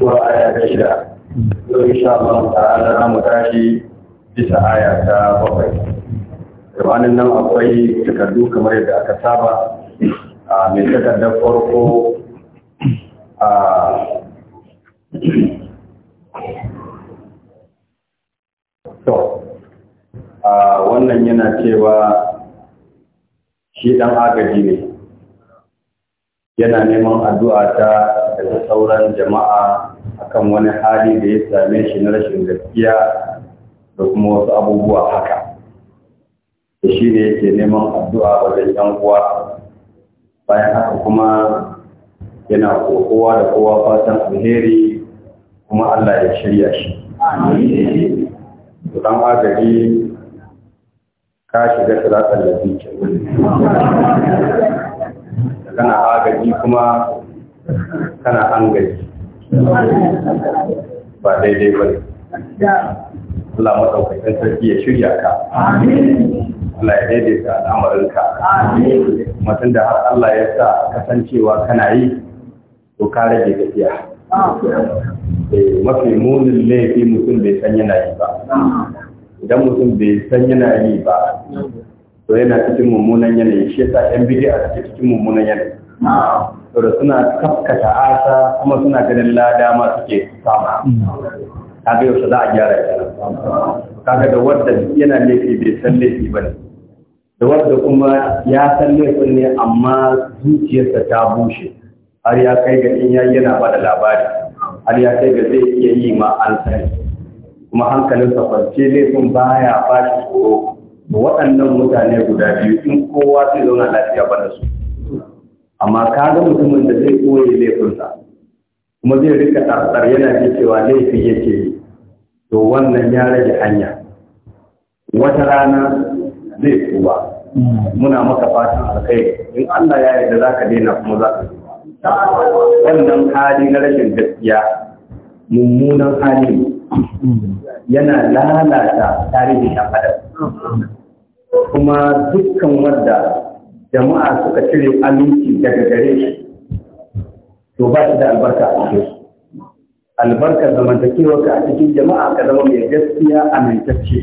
zuwa aya ta shida yau insha Allah ta'ala za mu tashi bisa aya ta bakwai gabanin nan akwai takardu kamar yadda aka saba a mai takardar farko a wannan yana cewa shi ɗan agaji ne yana neman addu'a ta daga sauran jama'a akan wani hali da ya same shi na rashin gaskiya da kuma wasu abubuwa haka da shi ne yake neman addu'a wajen yan uwa bayan haka kuma yana kowa da kowa fatan alheri kuma Allah ya shirya shi dan agari ka shiga tsiratsar da kana agaji kuma kana an gaji ba daidai ba ne Allah maɗaukakin sarki ya shirya ka Allah ya daidaita ka. Matan da har Allah ya sa kasancewa kana yi to ka rage gafiya eh, mafi munin laifi mutum bai san yana yi ba idan mutum bai san yana yi ba to yana cikin mummunan yanayi shi yasa yan bid'a suke cikin mummunan yanayi da suna kafkata asa kuma suna ganin lada ma suke sama kaga yau za a gyara kaga da wanda yana laifi bai san laifi ba ne da wanda kuma ya san laifin ne amma zuciyarsa ta bushe har ya kai ga in yayi yana bada labari har ya kai ga zai iya yi ma an sani kuma hankalinsa kwance laifin baya ba shi tsoro waɗannan mutane guda biyu in kowa zai zauna lafiya ba da su amma ka ga mutumin da zai koye laifinsa kuma zai rika tsartsar yana ji cewa laifi yake yi to wannan ya rage hanya wata rana zai tuba muna maka fatan alkai in Allah ya da za ka daina kuma za ka wannan hali na rashin gaskiya mummunan hali yana lalata tarihin ɗan kuma dukkan wanda jama'a suka cire aminci daga gare shi to ba shi da albarka a cikin su Albarka, zamantakewarka a cikin jama'a ka zama mai gaskiya amintacce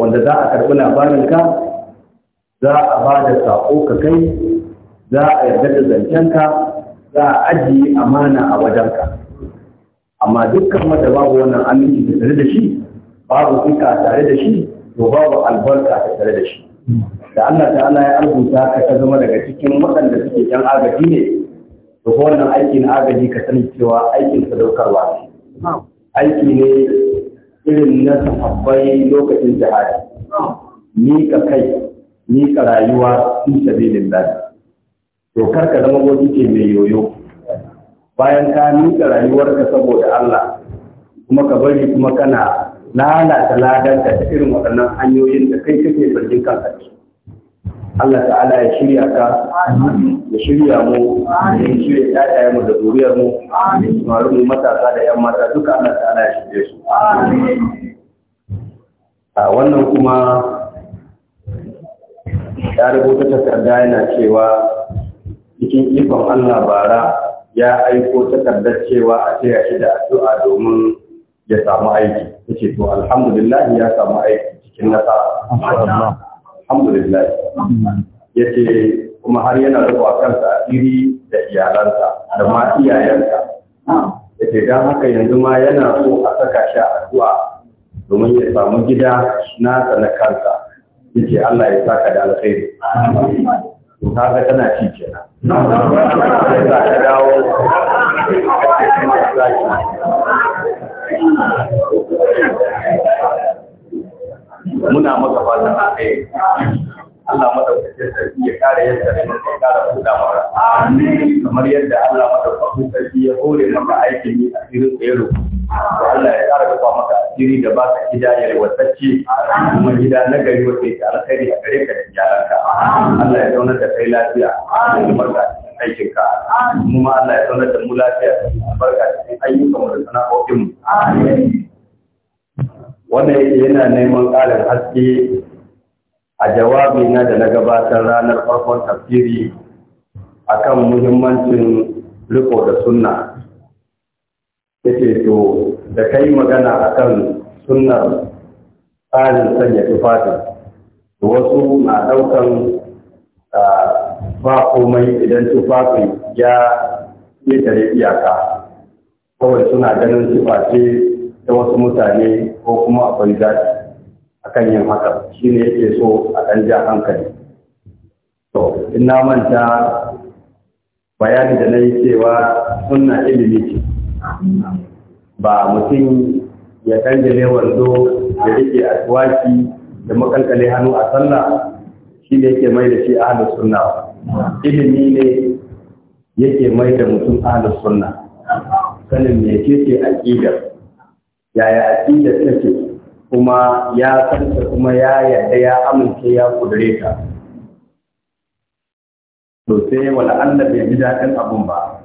wanda za a karɓi labarinka za a ba da saƙo ka kai za a yarda da zancenka za a ajiye amana a wajenka amma dukkan wanda babu wannan aminci da tare da shi babu fika tare da shi to babu albarka ta tare da shi da Allah Ta Allah ya rubuta ka ta zama daga cikin waɗanda suke can agaji ne to ko wannan aiki na agaji ka sani cewa aikin sadaukarwa ne aiki ne irin na sahabbai lokacin jihadi ni ka kai ni ka rayuwa fi sabilillah to kar ka zama gobe ce mai yoyo bayan ka ka rayuwarka saboda Allah kuma ka bari kuma kana lalata ladanta da irin waɗannan hanyoyin da kai kake zargin kanka da Allah ta'ala ya shirya ka ya shirya mu ya shirya ɗaya mu da zuriyar mu mare mu matasa da 'yan mata duka Allah ta'ala ya shirye su a wannan kuma ya rubuta takarda yana cewa cikin ikon Allah bara ya aiko takardar cewa a taya shi da addu'a domin ya samu aiki yake to alhamdulillah ya samu aiki cikin nasara alhamdulillah yake kuma har yana zuwa kansa asiri da iyalansa da ma iyayensa yake dan haka yanzu ma yana so a saka shi a zuwa domin ya samu gida nasa na kansa yake Allah ya saka da alkhairi to kaga tana ci kenan sai ka dawo muna maka fata a kai Allah madaukakin sarki ya kare yadda da maka ya kara buɗa mara kamar yadda Allah madaukakin sarki ya hore maka aikin yi a cikin tsero to Allah ya kara kafa maka jiri da baka gida ya wasacce kuma gida na gari wace ta alkhairi a gare ka da iyalanka Allah ya zauna da kai lafiya da albarka aikinka mu ma Allah ya sanar da mu lafiya barka cikin ayyukan mu da sana'o'in mu wannan yana neman ƙarin haske a jawabi na da na gabatar ranar farkon tafsiri akan muhimmancin riko da sunna yace to da kai magana akan sunnar tsarin sanya tufafi wasu na ɗaukan ba komai idan tufafi ya ƙetare iyaka kawai suna ganin tufafi ta wasu mutane ko kuma akwai zafi akan yin haka shi ne yake so a ɗan ja hankali to ina manta bayani da na yi cewa sunna ilimi ce ba mutum ya kanjale wando ya yake a tuwaki da makalkale hannu a sallah shi ne yake mai da shi a hannun sunna ilimi ne yake mai da mutum ahlus sunna sanin mece a aqida yaya aqida take kuma ya kanta kuma ya yarda ya amince ya kudure ta to sai wala Allah bai ji dadin abun ba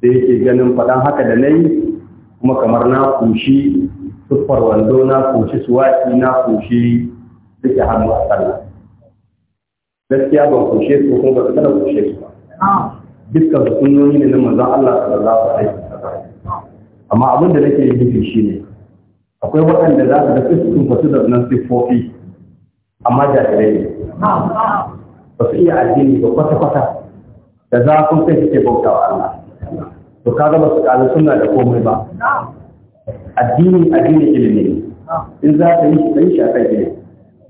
sai yake ganin faɗan haka da nayi kuma kamar na kushi tuffar wando na kushi suwaki na kushi duka hannu a sallah gaskiya ban kushe su kuma ba su kada kushe su ba ah. dukkan sunyoyi ne na manzon Allah sallallahu alaihi wasallam amma abin da nake nufi shine akwai waɗanda za su su sun fasu da nan fofi? amma dare ne ba su iya addini ba kwata-kwata da za zafin kai suke bautawa Allah to kaga ba su kalu suna da komai ba addini addini ilimi in za ka yi shi sai shi a kai ilimi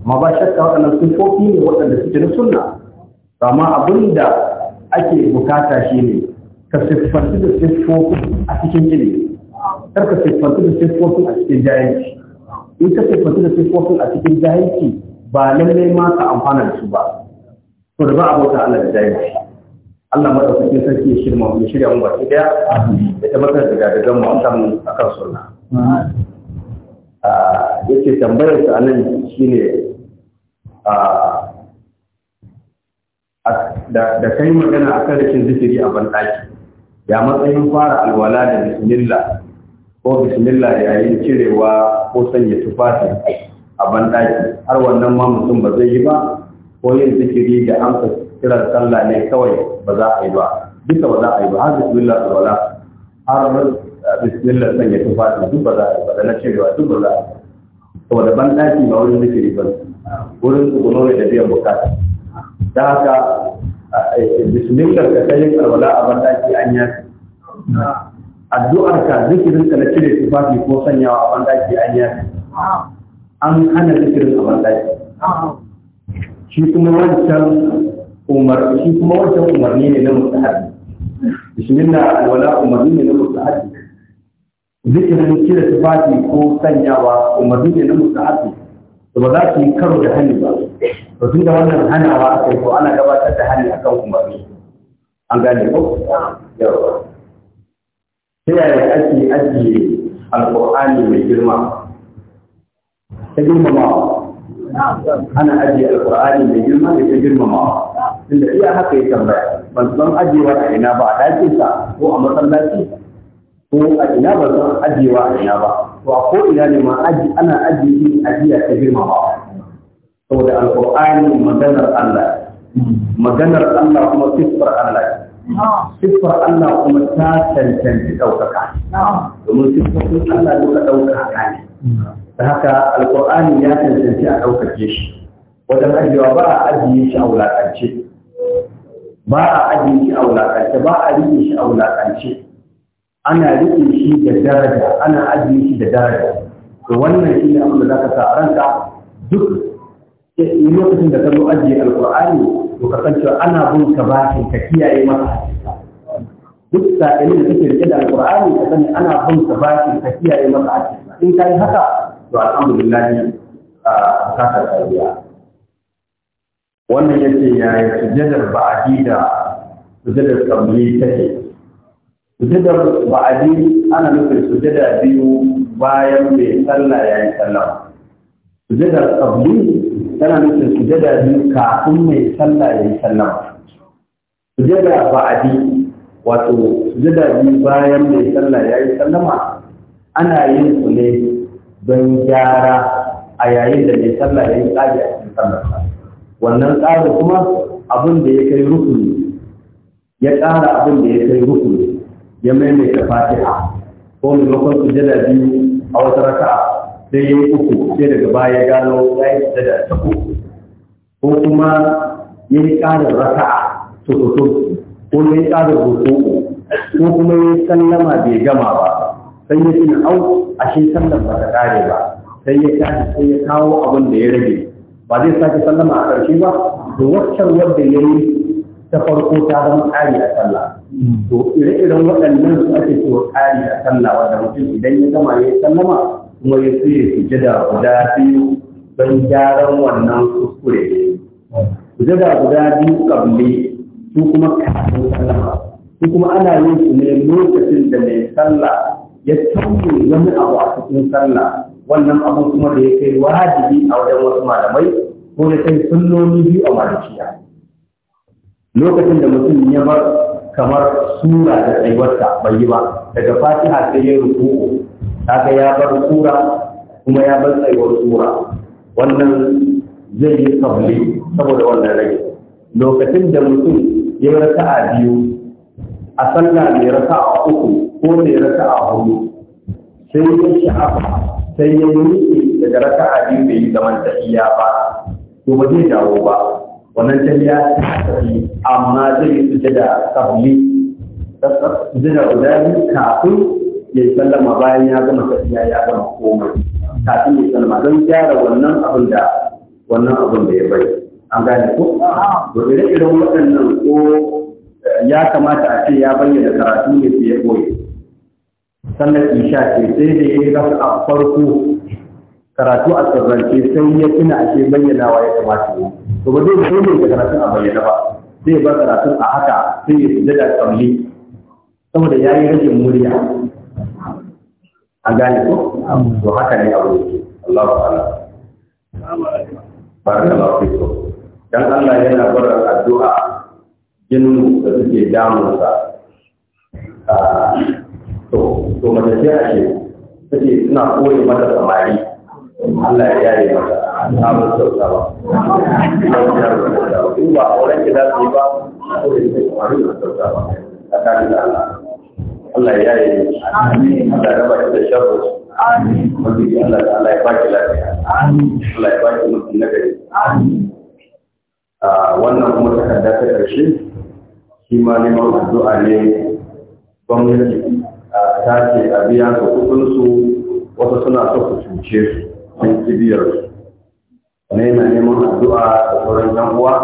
amma ba shakka waɗannan sufofi ne waɗanda suke na sunna amma abin da ake bukata shi ne ka siffanci da siffofin a cikin ilimi kar ka siffanci da siffofin a cikin jahilci in ka siffanci da siffofin a cikin jahilci ba lallai ma ka amfana da su ba to da ba a bauta Allah da jahilci Allah madaukakin sarki ya shirma ya shirya mu baki daya da tabbatar da gadagan mu akan akan sunna ah, yake tambayar sa anan shine da kai magana a kan rikin zikiri a banɗaki ya matsayin fara alwala da bismillah ko bismillah yayin cirewa ko sanya tufafi a banɗaki har wannan ma mutum ba zai yi ba ko yin zikiri da amsa kiran sallah ne kawai ba za a yi ba duka ba za a yi ba har bismillah alwala har bismillah sanya tufafi duk ba za a yi ba da na cirewa duk ba za a yi ba saboda banɗaki ba wani zikiri ba ne wurin tsuguno ne da biyan bukata da haka bismillah ka yi karwala a ke an yafi addu'ar ka zikirin ka na cire tufafi ko sanyawa a bandaki an yafi an hana zikirin a ke shi kuma wancan umar shi kuma wancan umarni ne na mustahabi bismillah alwala umarni ne na mustahabi zikirin cire tufafi ko sanyawa umarni ne na mustahabi to ba za su yi karo da hannu ba to tun da wannan hanawa aka yi ko ana gabatar da hannu akan kuma umarni an gane ko yawa ta yaya ake ajiye alƙur'ani mai girma ta girmamawa ana ajiye alƙur'ani mai girma da ta girmamawa tunda iya haka ya tambaya ban san ajiyewa a ina ba a ɗakinsa ko a masallaci ko a ina ban san ajiyewa a ina ba to a ko ina ne ma aji ana aji yin ajiya ta girmamawa saboda alqur'ani maganar Allah maganar Allah kuma sifar Allah siffar Allah kuma ta cancanci ɗaukaka domin siffofin Allah duka ɗaukaka ne da haka alƙur'ani ya cancanci a ɗaukake shi wajen ajiyewa ba a ajiye shi a wulaƙance ba a ajiye shi a wulaƙance ba a riƙe shi a wulaƙance ana riƙe shi da daraja ana ajiye shi da daraja to wannan shi ne abin da za ka sa a ranka duk lokacin da ka zo ajiye alƙur'ani to ka san cewa ana bin ka bashin ka kiyaye masa duk sa'ilin da kake riƙe da alƙur'ani ka sani ana bin ka bashin ka kiyaye masa in ka yi haka to alhamdulillah a saka tsariya wannan yace yaya sujadar ba'adi da sujadar kamli take sujadar ba'adi ana nufin sujada biyu bayan mai sallah ya yi sallah sujadar qabli tana nufin sujada biyu kafin mai sallah ya yi sallah sujada ba'adi wato sujada biyu bayan mai sallah ya yi sallama ana yin su ne don gyara a yayin da mai sallah ya yi tsari a cikin sallarsa wannan tsari kuma abin da ya kai rukuni ya tsara abin da ya kai rukuni ya maimaita fatiha ko su jada biyu a wata raka'a sai ya yi uku sai daga baya ya gano ya yi da ta uku ko kuma ya yi ƙarin raka'a tukutu ko ya yi ƙarin ko kuma ya yi sallama bai gama ba sai ya tuna au a shi sallan ba ta ƙare ba sai ya tashi sai ya kawo abin da ya rage ba zai sake sallama a ƙarshe ba to waccan wanda ya yi ta farko ta zama ƙari a sallah to ire-iren waɗannan su ake so ƙari a sallah wanda mutum idan ya gama ya sallama kuma ya su ya da guda biyu don gyaran wannan kuskure da guda biyu kabli su kuma kafin sallama su kuma ana yin su ne lokacin da mai sallah ya tauye wani abu a cikin sallah wannan abu kuma da ya kai wajibi a wajen wasu malamai ko ya kai sunnoni biyu a malikiya lokacin da mutum ya bar kamar sura da tsayuwarsa bai yi ba daga fatiha sai ya rubu kaga ya bar sura kuma ya bar tsayuwar sura wannan zai yi tsabli saboda wannan rage lokacin da mutum ya yi raka'a biyu a sallah mai raka'a uku ko mai raka'a hudu sai ya yi sha'afa sai ya yi daga raka'a biyu bai yi zaman tafiya ba to ba zai dawo ba wannan tafiya ta tafi amma zai yi su da kabli su da udani kafin ya yi sallama bayan ya gama tafiya ya gama komai kafin ya sallama don gyara wannan abin da wannan abin da ya bai an gane ko to ire iren waɗannan ko eh, ya kamata a ce ya bayyana karatu ne su ya koyi sannan isha ce sai da ya yi a farko karatu a tsirrance sai ya tuna ake wa ya kamata ya yi to ba zai sai ne karatun a bayyana ba zai ba karatun a haka sai ya sujada da kamli saboda ya yi rage murya an gane ko to haka ne abu yake Allahu ba Allah barka dan Allah yana barar addu'a jinin da suke damunsa ah, to to mace ce ake take suna koyi mata samari Allah ya yare mata samun kyautawa in ba auren ki za su yi ba ko da da Allah Allah ya yi Allah ya raba ki da sharri Allah Allah ya lafiya Allah ya baki mutum na gari ah, wannan kuma takarda ta ƙarshe shi ma neman addu'a ne gwamnati ta ce a biya su kuɗinsu wasu suna so su cuce su sun na yana neman addu'a da sauran yan uwa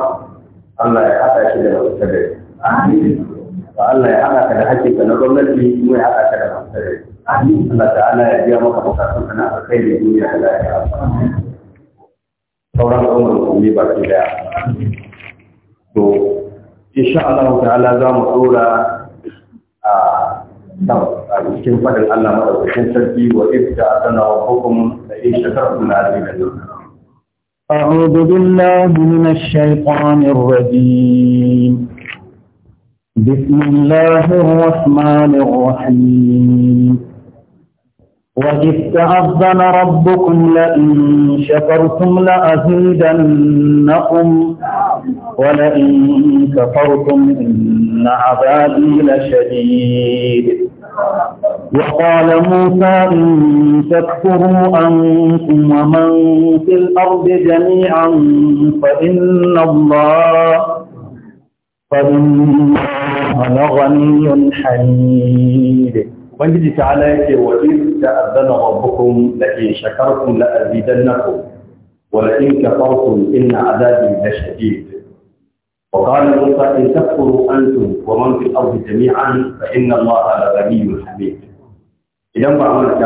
Allah ya haɗa shi da masu tare ba Allah ya haɗa ka da hakika na gwamnati kuma ya haɗa ka da masu tare Allah ta'ala ya biya maka bukatun kana a kai da duniya da lafiya sauran umar musulmi ba ke daya to insha Allah ta'ala za mu dora a a cikin faɗin Allah madaukakin sarki wa ibta sana wa hukum da in shakartum la azina أعوذ بالله من الشيطان الرجيم بسم الله الرحمن الرحيم وإذ تأذن ربكم لئن شكرتم لأزيدنكم ولئن كفرتم إن عذابي لشديد وقال موسى إن تكفروا أنكم ومن في الأرض جميعا فإن الله فإنه لغني حميد وإن جدت عليك وإذ تأذن ربكم لئن شكرتم لأزيدنكم ولئن كفرتم إن عذابي لشديد وقال موسى إن تكفروا أنتم ومن في الأرض جميعا فإن الله لغني حميد إذا ما عملت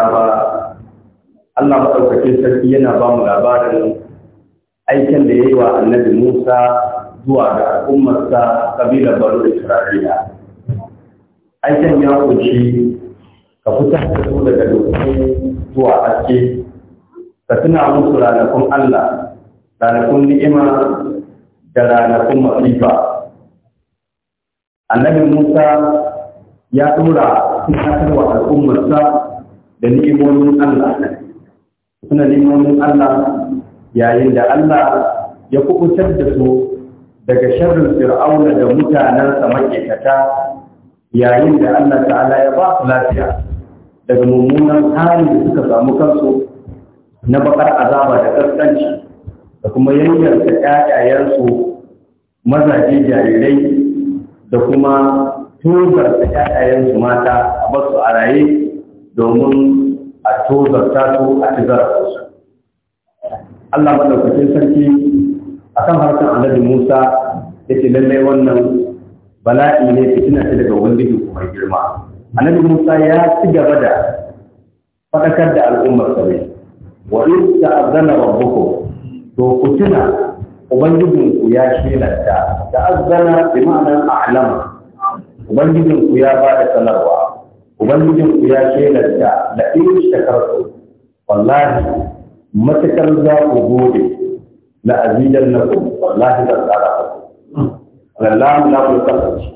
Allah maɗaukakin sarki yana ba mu labarin aikin da ya yi wa annabi Musa zuwa ga al'ummarsa kabila Baro Isra'ila. Aikin ya kunshi ka fitar da su daga dokoki zuwa aske, ka tuna musu ranakun Allah, ranakun ni'ima da ranakun masifa annabi musa ya dora wa al'ummarsa da ni'imomin allah suna ni'imomin allah yayin da allah ya kubutar da su daga sharrin fir'auna da mutanensa makekata yayin da allah ta'ala ya ba su lafiya daga mummunan hali da suka samu kansu na bakar azaba da kaskanci da kuma yanyarta ƴaƴayensu mazaje jarirai da kuma tozarta ƴaƴayensu mata a basu a raye domin a tozarta su a ci zarafinsu Allah madaukakin sarki a kan harkar annabi Musa yace lallai wannan bala'i ne fitina ce daga ubangiji mai girma annabi Musa ya ci gaba da faɗakar da al'ummar sa ne wa ta'azzana rabbukum to ku tuna ubangijinku ya shelanta da azzana bi ma'anar a'lama ubangijinku ya ba da sanarwa ubangijinku ya shelanta da irin shakartu wallahi matakar za ku gode la azidan lakum wallahi zan tsara ku wallahi la ku kasance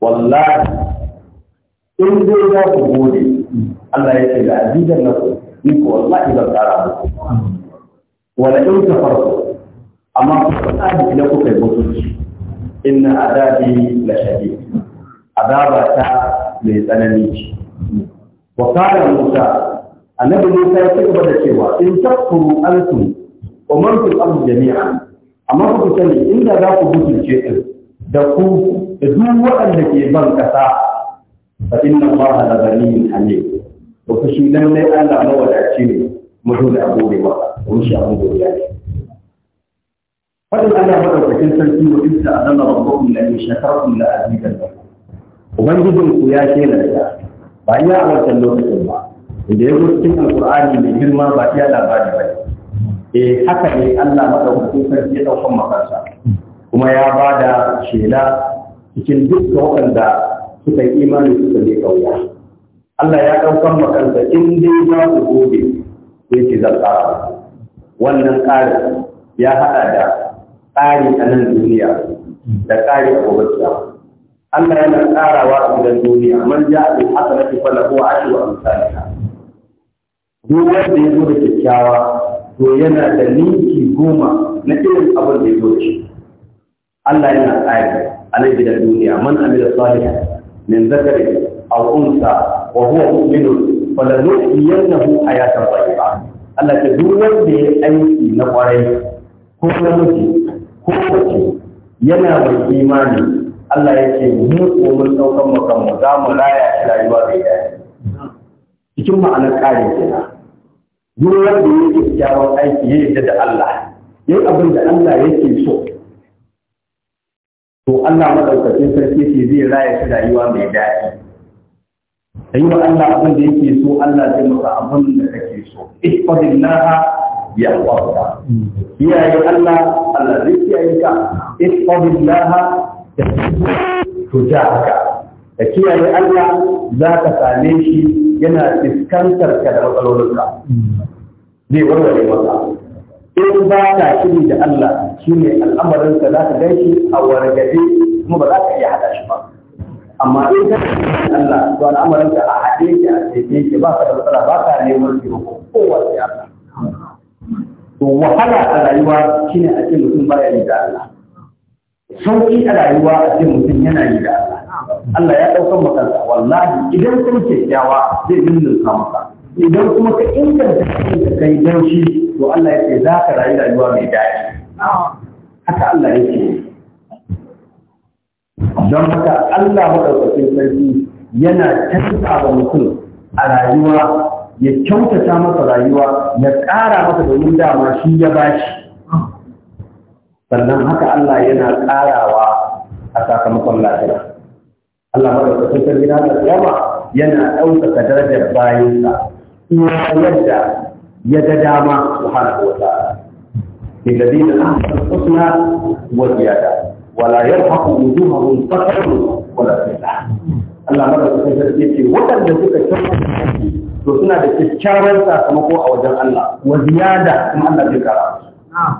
wallahi in dai za ku gode Allah ya ce la azidan lakum ni ko wallahi da tsara muku wala in farko amma ku tsadi idan kuka yi mutunci inna azabi la shadid azaba ta mai tsanani ce wa kana musa annabi musa ya cigaba da cewa in takfuru antum wa man fil ardi jami'an amma ku sani inda za ku mutunce din da ku da duk waɗanda ke ban kasa fa inna allaha la ghaniyyun hamid to ku shi lalle Allah mawadaci ne a da abubuwa mun shi abin godiya ne fadin Allah cikin sarki wa azama azana rabbukum la in shakartum la azidannakum ubangijin ku ya shela da ba ya a wancan lokacin ba da ya zo cikin alqur'ani mai girma ba iya labari ba eh haka ne Allah madaukakin sarki ya daukan makarsa kuma ya bada shela cikin dukkan waɗanda suka yi imani suka ne kauya. Allah ya ɗaukan makanta in dai za su gobe sai ke zan wannan ƙarin ya haɗa da tsari a nan duniya da tsari a gobe Allah yana tsarawa a gidan duniya man ja a bi hasanati da lahu ashru amsalha duk wanda ya zo da kyakkyawa to yana da ninki goma na irin abin da ya zo shi Allah yana tsari a nan gidan duniya man amila salihan من ذكر أو أنثى وهو مؤمن فلنحيينه حياة ba. Allah ta duk wanda ya aiki na ƙwarai ko na namiji ko mace yana mai imani Allah ya ce mu ko mun daukan makan mu za mu raya shi rayuwa mai daɗi cikin ma'anar ƙarin na duk wanda ya ke kyakkyawan aiki ya yadda da Allah yin abin da Allah yake so to Allah madaukakin sarki ce zai raya shi rayuwa mai daɗi yi wa Allah abin da yake so Allah zai maka abin da kake ya ihfazillah yahfazka kiyaye Allah Allah zai kiyaye ka ihfazillah tujahaka ka kiyaye Allah za ka same shi yana fuskantar ka da matsalolinka zai warware maka in ba ka shiri da Allah shi shine al'amarinka za ka gan shi a wargade kuma ba za ka iya hada shi ba amma in ka tafi Allah to al'amarin ka a haɗe ki a tebe ki ba ka da matsala ba ka neman taimako kowa sai Allah to wahala a rayuwa shine a ce mutum baya yi da Allah sauki a rayuwa a ce mutum yana yi da Allah Allah ya ɗaukar makansa wallahi idan kun kyakkyawa zai ninninka maka idan kuma ka inganta ka kai dan to Allah ya ce za ka rayu rayuwa mai daɗi haka Allah ya ce don haka Allah maɗaukakin sarki yana canza wa mutum a rayuwa ya kyautata masa rayuwa ya ƙara masa domin dama shi ya bashi sannan haka Allah yana ƙarawa a sakamakon lafiya Allah maɗaukakin sarki na kiyama yana ɗaukaka darajar bayansa yadda ya ga dama subhanahu wa ta'ala الذين احسنوا الحسنى وزياده wala yarhaqu wujuhahum qatarun wala zillah Allah madaukakin sarki yace waɗanda suka kyautata aiki to suna da kyakkyawar sakamako a wajen Allah wa ziyada kuma Allah zai kara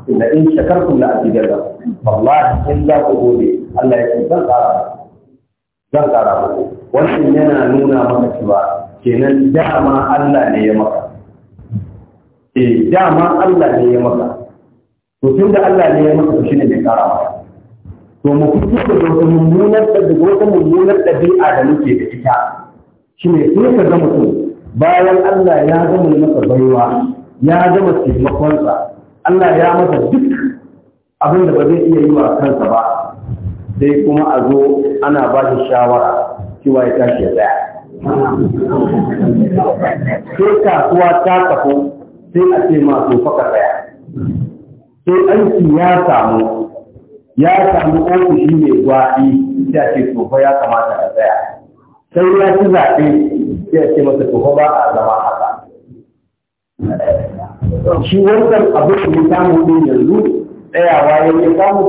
inda in shakartum la azidanna wallahi in za ku gode Allah ya ce zan kara zan kara muku wannan yana nuna maka cewa kenan dama Allah ne ya maka eh dama Allah ne ya maka to tunda Allah ne ya maka to shine mai kara maka to mu fito da wata mummunar da wata mummunar ɗabi'a da muke da ita shi ne sai ka ga mutum bayan Allah ya gama masa baiwa ya gama taimakonsa Allah ya masa duk abin da ba zai iya yi wa kansa ba sai kuma a zo ana ba shi shawara cewa ya tashi ya tsaya sai kasuwa ta tafi sai a ce ma to faka tsaya sai aiki ya samu ya samu ofishi mai gwaɗi sai ce tofa ya kamata a tsaya sai ya ci zaɓe sai ce masa tofa ba a zama haka shi wannan abin da ya samu ɗin yanzu tsayawa ya ya samu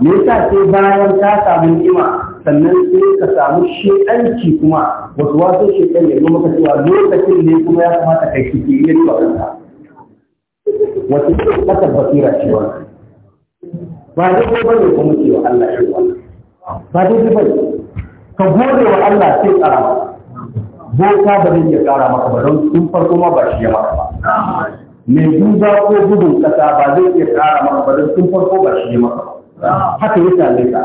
me yasa sai bayan ta samu ni'ima sannan sai ka samu shedanci kuma wasu wasu shedan ya maka cewa lokacin ne kuma ya kamata ka yi kike yin ba kanka wato kasar basira cewa ba dai ko bane ko muke wa Allah shi wannan ba dai ba ka gode wa Allah sai tsara boka ba zai iya kara maka ba don tun farko ma ba shi ya maka ba mai duba ko gudun kasa ba zai iya kara maka ba don tun farko ba shi ya maka ba haka ya same ka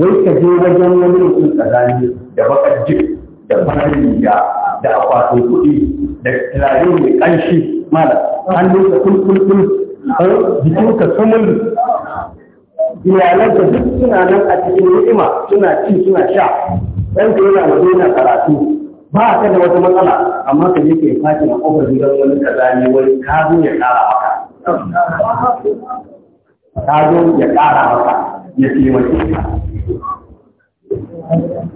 wai ka je wajen wani mutum kazani da bakar jik da farin da da akwatin kuɗi da turare mai ƙanshi mala hannunka kulkulkul eh, jikinka sumul da duk suna nan a cikin ni'ima suna ci suna sha dan ka yana da yana karatu ba ka da wata matsala amma ka je ka yi na a kofar gidan wani kaza ne wani ka zo ya kara maka ka zo ya kara maka ya taimake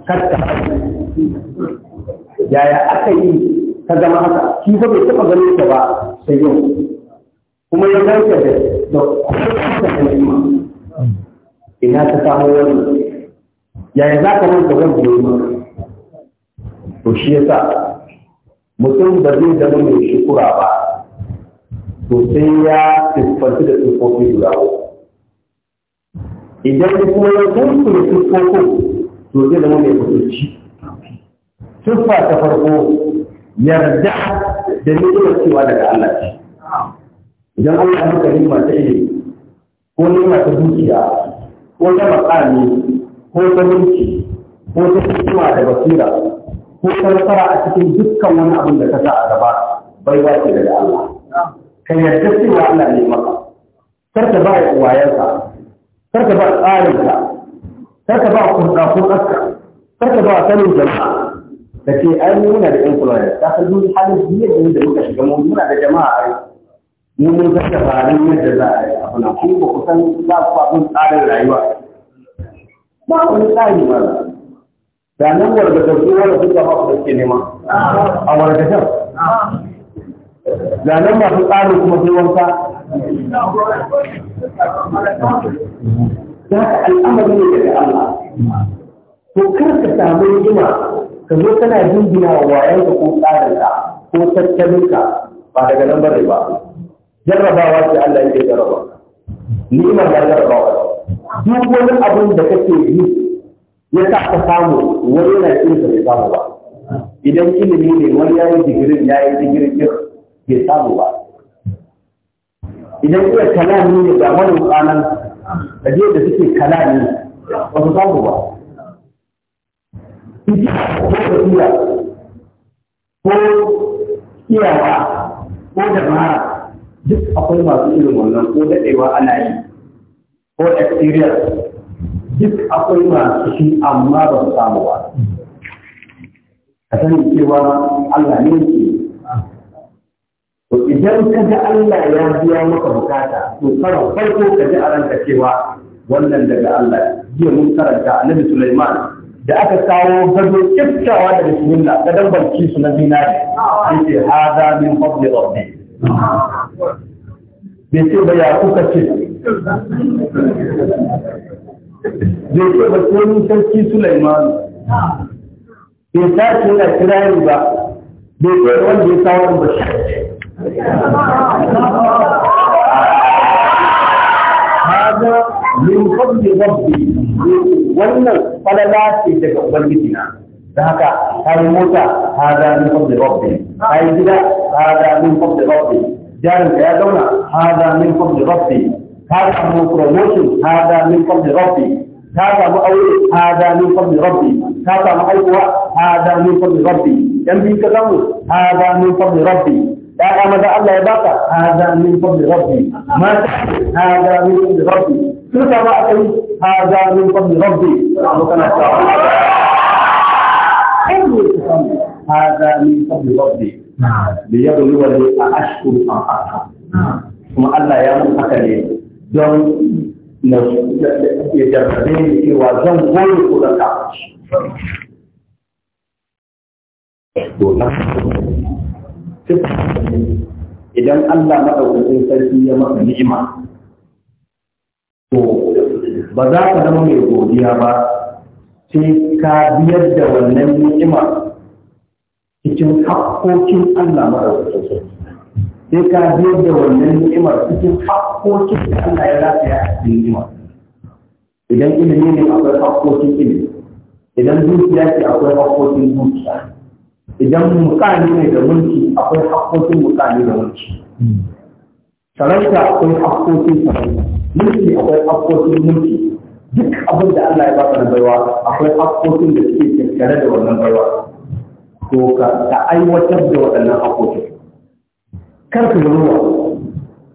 ka karka yaya aka yi ka zama haka shi fa bai taɓa ganin ka ba sai yau kuma ya ganka da da kuma da ina ta samu wani yaya za ka wanda zan biyo ma to shi sa mutum da zai zama mai shukura ba to sai ya tsifanci da siffofi guda idan kuma ya kuntu da siffofin to zai zama mai mutunci siffa ta farko yarda da nuna cewa daga Allah ce idan Allah ya maka ni'ima ta ilimi ko ma ta dukiya ko ta makami ko ta mulki ko ta hikima da basira ko ta nasara a cikin dukkan wani abin da ka sa a gaba bai ba ce daga Allah ka yarda cewa Allah ne maka kar ka ba wayanka kar ka ba tsarinka kar ka ba kurɗa ko ƙaska kar ka ba sanin jama'a da ke ai muna da influence ta san duk halin biyar da muka shiga mu muna da jama'a ai mu mun san dabarun yadda za a yi kuna ku ba ku san za ku abin tsarin rayuwa ba wani tsari ba da nan wargata su wanda suka ba ku ke nema a wargatar da nan masu tsarin kuma sai wanka za ka al'amari ne daga Allah to kar ka samu rigima ka zo kana jingina wa wayanka ko tsarinka ko tattalinka ba daga nan bare ba jarrabawa ce Allah yake jarraba ni'imar da ya ba duk wani abin da kake yi ya sa ka samu wani yana irin sa bai samu ba idan ilimi ne wani ya yi digirin ya yi digirin ɗin bai samu ba idan iya kalami ne ga wani tsanan da je da suke kalami ba su samu ba ko tafiya ko iyawa ko dabara duk akwai masu irin wannan ko daɗewa ana yi ko exterior duk akwai masu shi amma ba su samu ba ka sanin cewa Allah ne ke to idan ka ga Allah ya biya maka bukata to karan farko ka ji a ranka cewa wannan daga Allah jiya mun karanta annabi Sulaiman da aka kawo gado kiftawa da bismillah barci su na zinari ce hada min fadli rabbi bai ce ba ya kuka ce bai ce ba sarki Sulaiman bai sace kira kirari ba bai ce wanda ya kawo ba shi haga min fadli rabbi wannan falala ce daga ubangiji na da haka ta yi mota haga min fadli rabbi kayi gida hada min fadli rabbi jarin ka ya zauna hada min fadli rabbi ka samu promotion hada min fadli rabbi ka samu aure hada min fadli rabbi ka samu aiwa hada min fadli rabbi yan bi ka zamu hada min fadli rabbi Ya maza Allah ya baka hada min fadli rabbi mata hada min fadli rabbi sun samu akai hada min fadli rabbi kana ta Allah هذا من فضل ربي ليبلوني أأشكر أم أكفر kuma Allah ya mun haka ne don na ya jarrabe ni ko da Idan Allah maɗaukacin sarki ya maka ni'ima, to ba za ka zama mai godiya ba sai ka biyar da wannan ni'imar cikin haƙƙoƙin Allah maɗaukakin sarki sai ka biyar da wannan ni'imar cikin haƙƙoƙin da Allah ya rataya a cikin ni'imar idan ilimi ne akwai haƙƙoƙin ilimi idan dukiya ce akwai haƙƙoƙin dukiya idan mukami ne da mulki akwai haƙƙoƙin mukami da mulki sarauta akwai haƙƙoƙin sarauta mulki akwai haƙƙoƙin mulki duk abin da Allah ya baka da baiwa akwai haƙƙoƙin da suke tattare da wannan baiwa to ka aiwatar da waɗannan haƙoƙin kar ka ruwa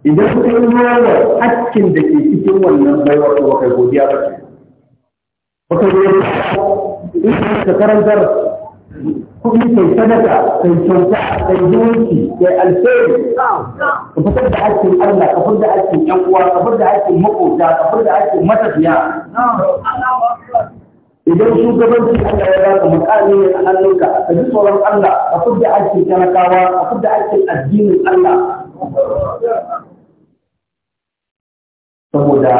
idan ka yi ruwa hakkin da ke cikin wannan baiwa to ba godiya ba ce ba kai godiya in ka karantar kuɗi kai sadaka kai kyauta kai zuwanci kai alheri ka fitar da hakkin Allah ka fitar da hakkin ƴan uwa ka fitar da hakkin maƙota ka fitar da hakkin matafiya idan shugabanci Allah ya baka mukami ne a hannunka ka ji tsoron Allah a kudda aikin talakawa a kudda aikin addinin Allah saboda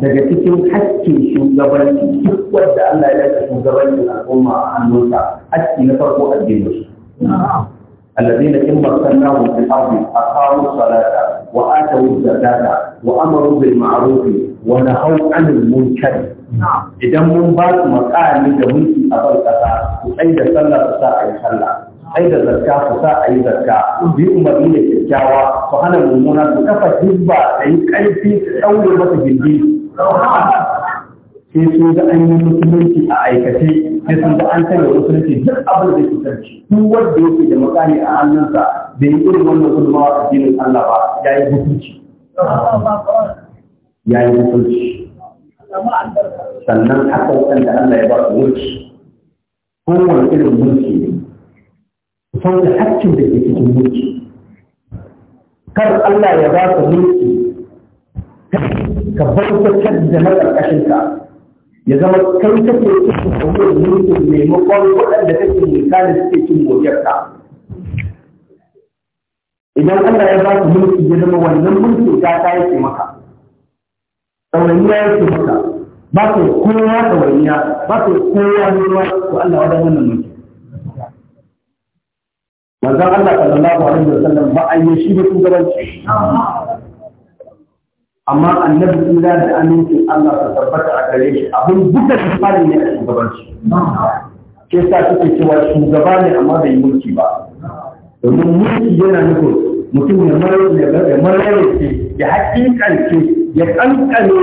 daga cikin hakkin shugabanci duk wanda Allah ya baka shugabancin al'umma a hannunka hakki na farko addinin su الذين إن مكناهم في الأرض أقاموا الصلاة وآتوا الزكاة وأمروا بالمعروف ونهوا عن المنكر idan mun ba su makami da mulki a bar kasa su tsaye da sallah su sa a yi sallah sai da zakka su sa a zakka in umarni da kyakkyawa su hana mummuna su kafa hizba da yi ƙarfi su ɗaure masa gindi sai sun ga an yi musulunci a aikace sai sun ga an tare musulunci duk abin da ke sarki duk wanda yake da makami a hannunsa bai yi irin wannan gudunmawa a addinin Allah ba ya yi mutunci ya yi mutunci sannan haka wanda Allah ya ba su mulki kowane irin mulki ne kusan da haccin da ke cikin mulki kar Allah ya ba su mulki ka bautar da na ƙarƙashinka ya zama kai kake cikin kowar mulkin maimakon waɗanda kake mulka da suke cin gojiyarka idan Allah ya ba su mulki ya zama wannan mulkin ta ta yake maka ɗawainiya yake maka ba ka yi kowa ɗawainiya ba ka yi kowa ruwa ko Allah wajen wannan mulki manzon Allah sallallahu alaihi sallam ba a yi shi da shugabanci amma annabi tsira da amincin Allah ta tabbata a gare shi abin duka tsari ne a shugabanci ke sa suke cewa shugaba ne amma bai yi mulki ba domin mulki yana nufin mutum ya mararce ya hakikance ya kankane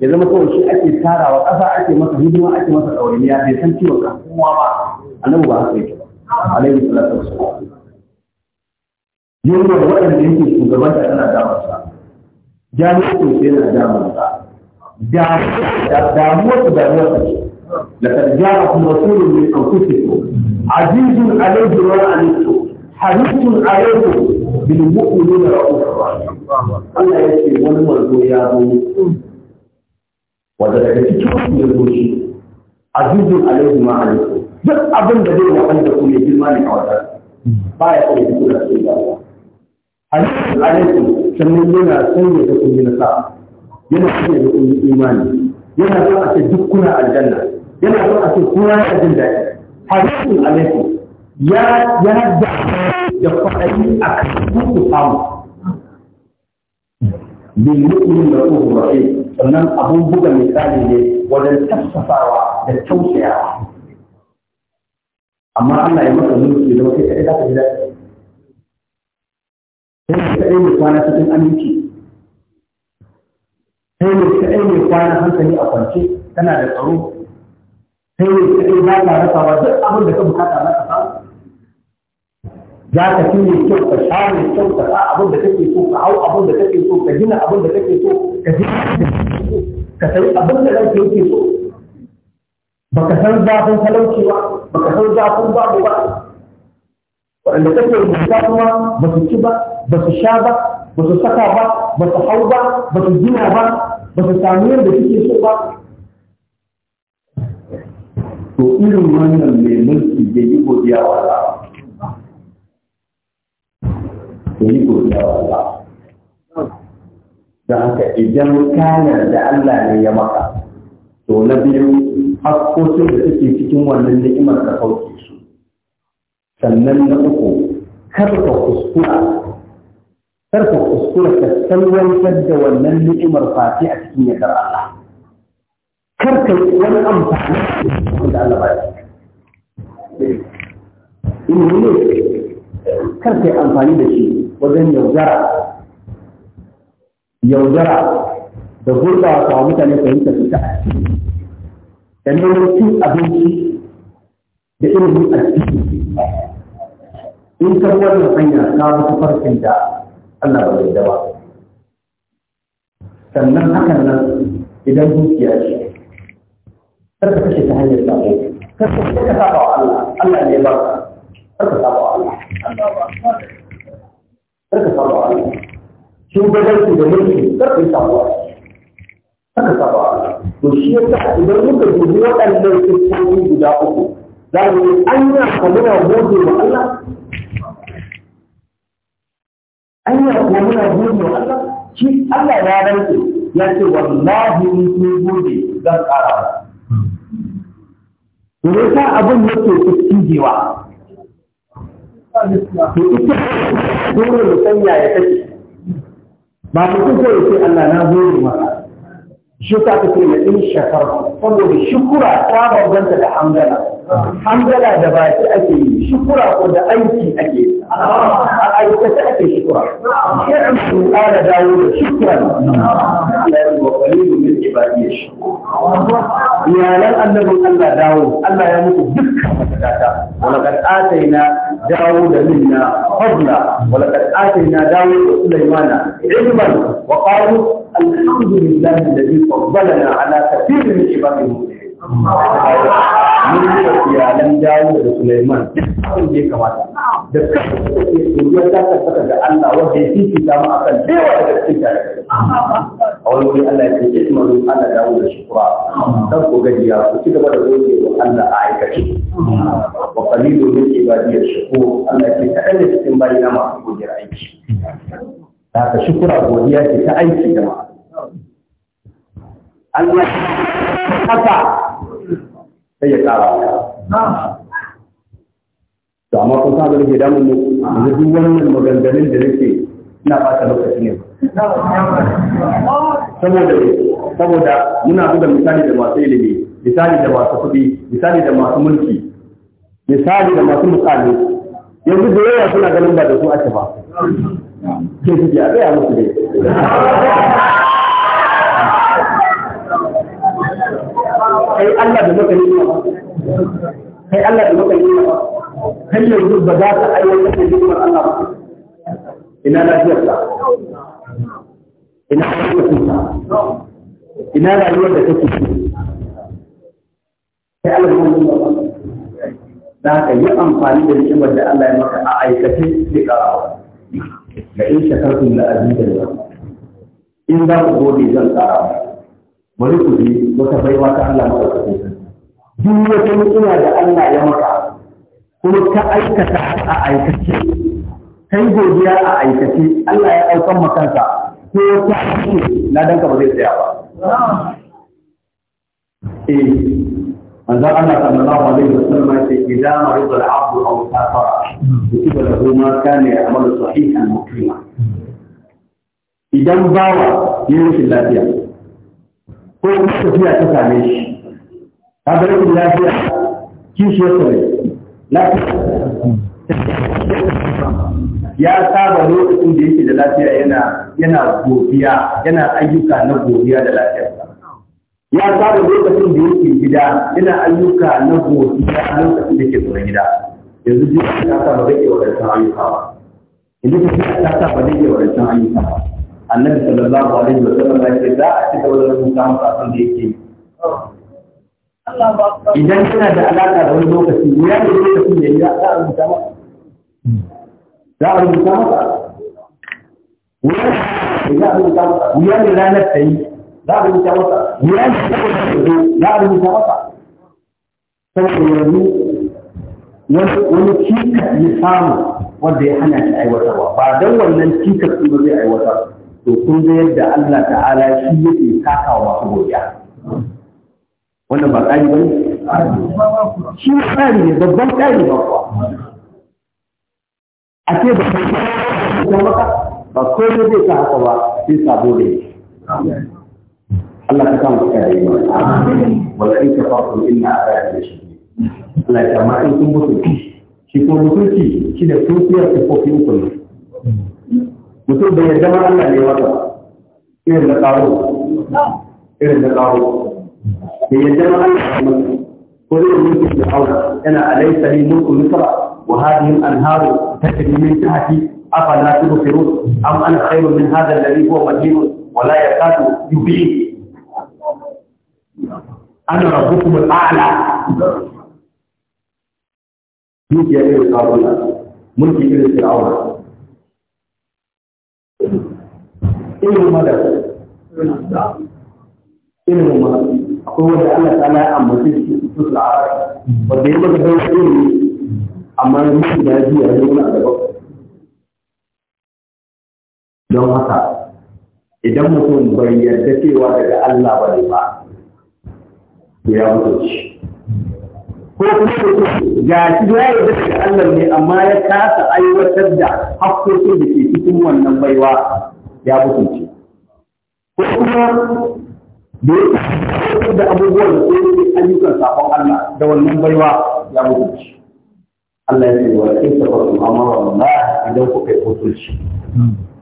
ya zama kawai shi ake tarawa ƙasa ake masa hidima ake masa ɗawainiya bai san ciwon kan kowa ba annabi ba haka yake ba alaihi salatu wassalam da waɗanda yake shugaban da tana damar sa jami'a jami'in sai yana damar sa damuwar su damuwar sa ce لقد جاءكم رسول من انفسكم عزيز عليه ما عنتم hadisun ayyuku bil mu'minin ra'ufur rahim Allah ya ce wani manzo ya zo wanda daga cikin ya zo shi azizun alaihi ma alaihi duk abin da zai wanda ku ne girma ne a wata ba ya kawai duk da gaba. dawo hadisun alaihi sannan yana sanya da kun na sa yana sanya da kun imani yana so a ce duk kuna aljanna yana so a ce kuna jin daɗi hadisun alaihi ya yana da da kwaɗayi a kan su samu bin mu'min da ruhu rafi sannan abun buga misali ne wajen tafsasawa da tausayawa amma Allah yi masa mulki da wata kai za ta ji daɗi sai ka ɗaya mai kwana cikin aminci sai ne ka ɗaya mai kwana hankali a kwance tana da tsaro sai ne ka ɗaya ba ka rasawa duk abin da ka bukata za ka za ka fi mai kyau ka sha mai kyau ka sa abin da kake so ka hau abin da kake so ka gina abin da kake so ka gina abin da so ka sai abin da ranka yake so baka san zafin talauci ba baka san zafin babu ba waɗanda kake ta kuma ba su ci ba ba su sha ba ba su saka ba ba su hau ba ba su gina ba ba su samu yadda suke so ba to irin wannan mai mulki bai yi godiya wa Allah ka yi godiya wa Allah don haka idan kanar da Allah ne ya maka to na biyu hakkokin da suke cikin wannan ni'imar ka kauce su sannan na uku kar ka kuskura kar ka kuskura ka salwantar da wannan ni'imar fati a cikin yadda Allah kar ka wani amfani da Allah ba ya eh, ne kar ka yi amfani da shi wajen yaudara yaudara da gurɓa samu mutane fahimta su ta da neman cin abinci da ilimin addini in ka wannan hanya ta wasu farkin da Allah ba zai dawa sannan hakan nan idan dukiya ce kar ka kashe ta hanyar sabo kar ka kashe ka saba Allah Allah ne ba ka kar ka saba wa Allah karka saba Allah shugabanci da mulki karka saba karka saba to shi yasa idan muka dubi waɗannan siffofi guda uku za mu yi anya ko muna gode wa Allah yi ko muna gode wa Allah shi Allah ya rantse ya ce wallahi ni kun gode zan ƙara. Me yasa abin yake cikin jewa? Dole mu sanya ya take. Ba ku kuka ya ce Allah na gode maka. Shi ta ku ce na in shakar saboda shukura ta bambanta da hamdala. Hamdala da baki ake yi, shukura ko da aiki ake yi. A aikace ake shukura. Shi'an su ƙara dawo da shukura. Allah ya zuwa kalilu min ibadiyya shi. Iyalan annabin Allah dawo, Allah ya mutu dukkan wata gata. Wala kad atayna dawo da minna fadla walaqad atayna dawud wa sulaymana ilman wa qalu alhamdulillahi alladhi faddalana ala kathirin min ibadihi Allah mun yi iyalan dawo da Sulaiman duk abin da ya kamata da kafin da ke tsoriyar ta tabbata da Allah wanda ya fifita mu akan dewa da cikin ta a wani wuri Allah ya ce ya tuma zuwa Allah Dawud da shukura dan ko gajiya ku ci gaba da roƙe wa Allah a aikace wa qalilu min ibadiyya shukur Allah ke ce kaɗan ne cikin bayi na masu godiyar aiki da haka shukura godiya ce ta aiki da ma Allah haka sai ya ƙara to amma kun san abin da damun mu yanzu duk wannan maganganun da nake ina ɓata lokaci ne saboda saboda muna buga misali da masu ilimi misali da masu kuɗi misali da masu mulki misali da masu misali yanzu da yawa suna ganin ba da su ake ba ke suke a tsaya musu dai kai Allah da maka yi kai Allah da maka yi ba kai yanzu ba za ka aiwatar da Allah ba ina lafiyar ka ina lafiyar ka ina rayuwar da kake ciki Allah yi za ka yi amfani da hikimar da Allah ya maka a aikace da karawa ga in shakartun la'azin da in za ku gode zan karawa Wani ku wata baiwa ta Allah kuɗi duk wata mutuna da Allah ya maka kuma ka aikata a aikace kai godiya a aikace Allah ya ɗaukan makansa ko ta aiki na ka ba zai tsaya ba eh manzon Allah sallallahu alaihi wasallam ya ce idan marida al-abdu aw safara kutiba lahu ma kana ya'malu sahihan muqima idan bawa yayin rashin lafiya ko tafiya ta same shi ta bari ku lafiya kishiyar sa ne ya saba lokacin da yake da lafiya yana yana godiya yana ayyuka na godiya da lafiya. ya saba lokacin da yake gida yana ayyuka na godiya lokacin da yake zuwa gida yanzu duk ya saba zai iya wadancan ayyuka ba yanzu ta saba zai iya wadancan ayyuka ba annabi sallallahu alaihi wa sallam ya ce za a ci gaba da rubuta masa abin da yake idan kana da alaka da wani lokaci ya ne lokacin da ya za a rubuta masa za a rubuta masa wani ne a rubuta masa wuya ranar ta yi za a rubuta masa wuya ne za a rubuta masa saboda yanzu wani cikas ya samu wanda ya hana shi aiwatarwa ba don wannan cikas ɗin zai aiwatar to kun ga yadda Allah ta'ala shi yake saka wa masu godiya wannan ba ƙari ba shi ne ne babban ƙari ba kuwa a ce ba ka yi maka ba komai zai sa haka ba sai sabo da Allah ka samu suka yi ba wala in inna a da shi Allah ya ma in kun mutu shi ko mutunci shi da tuntiyar uku ne mutum bai yarda ma Allah ne wata irin da karo irin da karo bai yarda ma Allah ne ko zai mulki da aura yana alaysa li mulku misra wa hadhihi al-anharu tajri min tahti afala tubsirun am ana khayrun min hadha alladhi huwa mahin wa la yaqadu yubi ana rabbukum al-a'la duk ya irin karo mulki irin da aura ilimin madar ilimin madar akwai wanda Allah ta ya ambace shi su da arab wanda ya maka dawo ilimi amma ya mutu da ji ya zo na gaba don haka idan mutum bai yarda cewa daga Allah ba ne ba ya mutu shi ko kuma ga shi ya yarda daga Allah ne amma ya kasa aiwatar da hakkokin da ke cikin wannan baiwa ya hukunce ko kuma da ya da abubuwan da sai ayyukan sakon Allah da wannan baiwa ya hukunce Allah ya ce wa in tafasu amara Allah idan kuka yi hukunci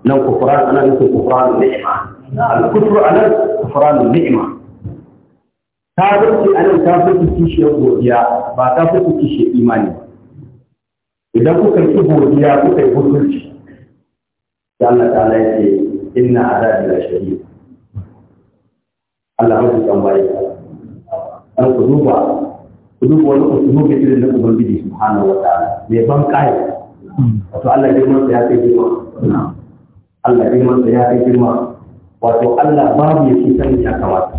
nan kufran ana nufin kufran ni'ima al-kufru ana kufran ni'ima ta a anan ta fi kishiyar godiya ba ta fi kishiyar imani idan kuka yi godiya kuka yi hukunci da Allah ta ya inna azabi la shadid Allah ya san waye an ku duba ku duba wani ku duba irin na ubangiji subhanahu wa ta'ala Me ban kai wato Allah ya masa ya kai girma Allah ya masa ya kai girma wato Allah babu yake san ya kamata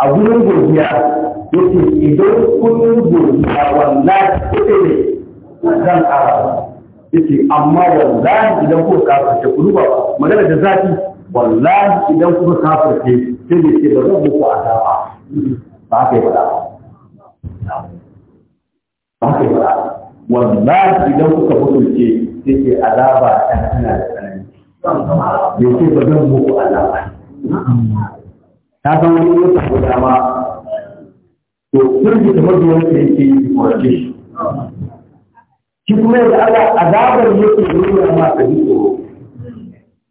a gurin gurbiya yake idan kun gurbiya wallahi kuɗe ne zan ƙara yake amma wallahi idan kuka kafirce ku duba magana da zafi wallahi idan kuka kafirce sai da ke da zan muku azaba ba ka yi faɗa ba ka yi faɗa wallahi idan kuka mutunce sai ke azaba ta tana da tsanani bai ce ba zan muku azaba ta san wani yau ta dama to kirgita mabiyansa yake yi kurace shi shi kuma yanzu Allah azabar yake nuna ma ka ji tsoro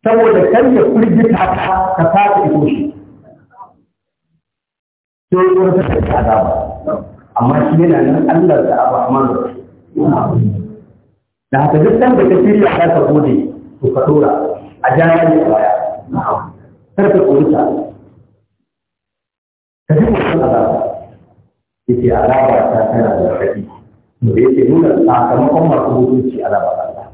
saboda kan ya firgita ka ka fata ito shi sai ya wata ta ta azaba amma shi yana nan Allah da abu aman da haka duk san da ka shirya za ka gode to ka tura a jana ne a baya kar ka tsorita ka ji mutum azaba yake azaba ta tana da raɗi da yake nuna sakamakon masu hukunci a rabar Allah.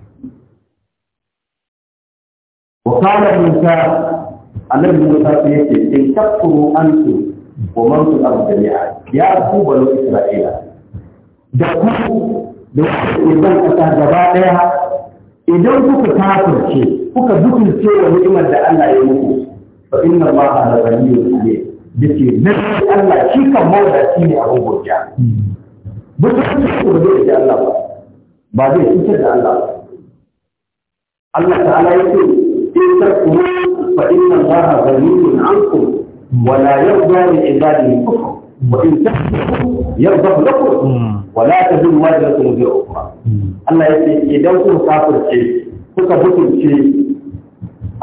Wakala Musa, annabi Musa sai yake in takfuru antu wa man fil ardi jami'a ya ku banu Isra'ila. Da ku da ku ban kasa gaba ɗaya? idan kuka kafirce kuka dukunce wa ni'imar da Allah ya muku fa inna Allah la ghaniyyun 'alaykum. Dace nan Allah shi kan mawdaci ne a gogoja. mutunci shi ba zai da Allah ba ba zai cutar da Allah ba Allah ta'ala ya ce in tarku fa inna Allah ghaniyun ankum wa la yarda li ibadihi kufra wa in tahsinu yarda lakum wa la tadun wajhakum bi ukhra Allah ya ce idan kun kafirce kuka mutunce